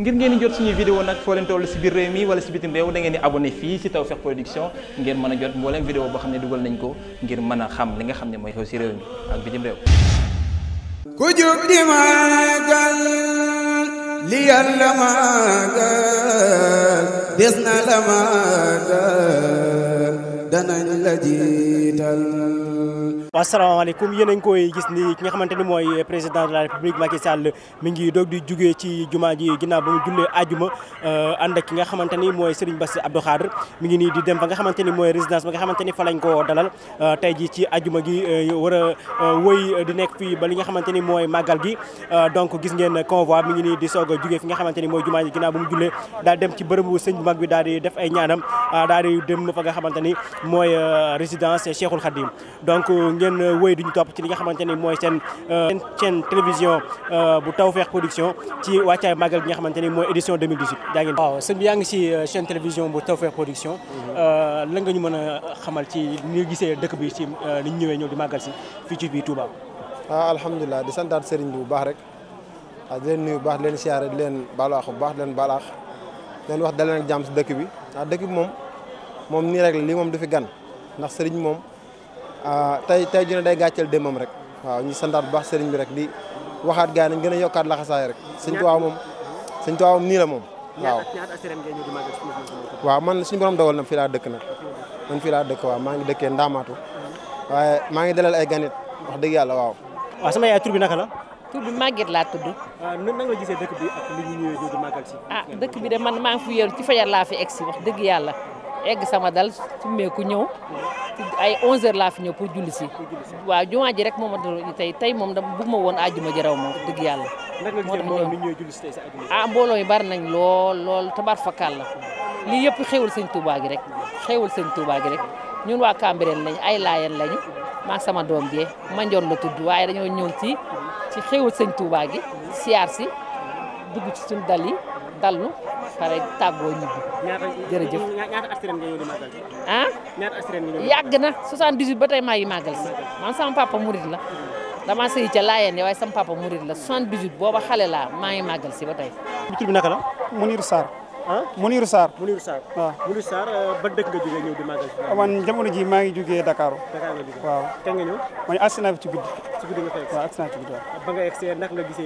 ngir ngeen di jot suñuy vidéo nag foo leen si biir réew mi wala si bitim réew da ngeen di abonné fii si Tawfekh Production ngeen mën a jot mbooleem vidéo boo xam ne dugal nañ ko ngir mën a xam li nga xam ne mooy xew si réew mi ak bitim réew ku jóg di màggal li yàlla màggal des na la màggal danañ la jiital waaw salaamaaleykum yéen a ngi koy gis ni ki nga xamante ni mooy président de la république Macky Sall mi ngi doog di jugee ci jumaa ji ginnaaw ba mu jullee ajuma euh, ànd ak ki nga xamante ni mooy Serigne Bass Abdou Khadre mi ngi nii di dem fa nga xamante ni mooy résidence ba nga xamante fa lañ ko dalal euh, tey ji ci ajuma gi euh, war di nekk fii ba li nga xamante ni mooy màggal gi donc gis ngeen convoi mi ngi nii di soog a jugee fi nga xamante ni mooy jumaa ji ginnaaw ba mu jullee daal dem ci bërëb sëñ bu mag bi daal di def ay ñaanam daal di dem fa nga xamante ni mooy résidence Cheikhoul Khadim donc ngeen euh, wéy duñu topp ci li nga xamante ni mooy seen euh, chaîne télévision euh, bu Tawfekh Production ci wàccaay màggal bi nga xamante ni mooy édition 2018 jaa ngeen waaw sëñ bi yaa ngi si chaîne bu Tawfekh Production mhm. lan nga ñu mën a xamal ci ni gisee dëkk bi ci ni ñëwee ñëw di màggal fii ci biir Touba ah alhamdulilah di santaat sëriñ bi bu baax rek ah di leen bu baax di leen siyaare di leen baalaax bu baax leen baalaax leen wax daleen ak jàmm dëkk bi ah dëkk bi moom moom nii rek li moom du fi gan ndax sëriñ moom Ah, tey tey jii day gàcceel démbam rek waaw ñu santaat bu baax sëriñ bi rek di waxaat gaa yi nañ gën a yokkaat laxasaay rek sëñ Tuubaa moom sëñ Tuubaa moom nii la moom waaw waaw man suñu borom dogal na fii laa dëkk na man fii laa dëkk waaw maa ngi dëkkee ndaamaatu waaye maa ngi dalal ay ganit wax dëgg yàlla waaw waaw sama yaay tur bi naka la tur bi laa tudd ah, nan nga gisee dëkk bi si ah dëkk bi de man maa ngi fu yéen ci fajar laa fi egg si wax dëgg yàlla egg sama dal summeeku ñëw ay 11h laa fi ñëw pour julli si. waaw jumaa ji rek moom a tey tey moom da ma woon àjjuma ji raw moom dëgg yàlla. moo tax ñëw ah mbooloo yi bari nañ lool lool tabar fakkaal la lii yëpp xéwal sëñ Touba gi rek xéwal sëñ Touba gi rek ñun waa Cambérène lañ ay laayeen lañ maa sama doom bi manjoon la tudd waaye dañoo ñëw ci ci xéwal sëñ Touba gi siyaar si dugg ci suñu dal yi dallu pare tàggoo ñibbi. jërëjëf ñaata astrem nga ñëw di màggal. ah ñaata astrem nga ñëw yàgg na 78 ba tey maa ngi màggal si man sama papa murit la dama sëy ca laayeen waaye sama papa murit la 78 booba xale laa maa ngi màggal si ba tey. bi tur bi la Mounir Sarr. ah Mounirou Sarr Mounirou Sarr waaw Mounirou Sarr euh, ba dëkk nga jógee ñëw di ji maa ngi jógee Dakar Dakar nga jógee waaw kañ nga ñëw man accident bi ci guddi ci guddi nga fay waaw accident bi ci guddi waaw ba nga egsee naka nga bi ci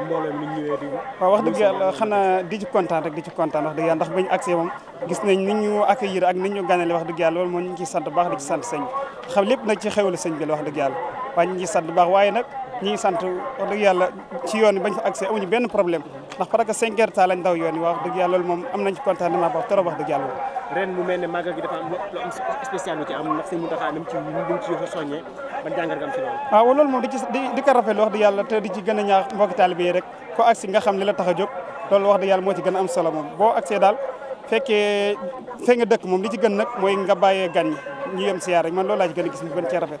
mbooloo mi ñëwee di wax dëgg yàlla xanaa di ci kontaan rek di ci kontaan wax dëgg yàlla ndax bañu agsee moom gis nañ ni ñu accueillir ak ni ñu ganale wax dëgg yàlla loolu moo ñu ciy sant baax di ci sant sëñ bi xam lépp nag ci xewlu sëñ bi la wax dëgg yàlla waaye ñu sant baax waaye nag ñi ngi sant wax dëgg yàlla ci yoon bañ fa accès amuñu benn problème ndax parce que cinq heures temps lañ wax dëgg yàlla loolu moom am nañ ci contentement baax trop wax dëgg yàlla nga am ci loolu waaw loolu moom di ci wax dëgg yàlla te di ci gën a ñaax mbokki taalibe rek ko accès nga xam li la tax a jóg loolu wax dëgg yàlla moo ci am solo moom boo accès daal fekkee fee nga dëkk moom li ci gën mooy nga bàyyee gan ñi siyaar man loolu laa ci gis mu gën rafet